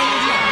Australia.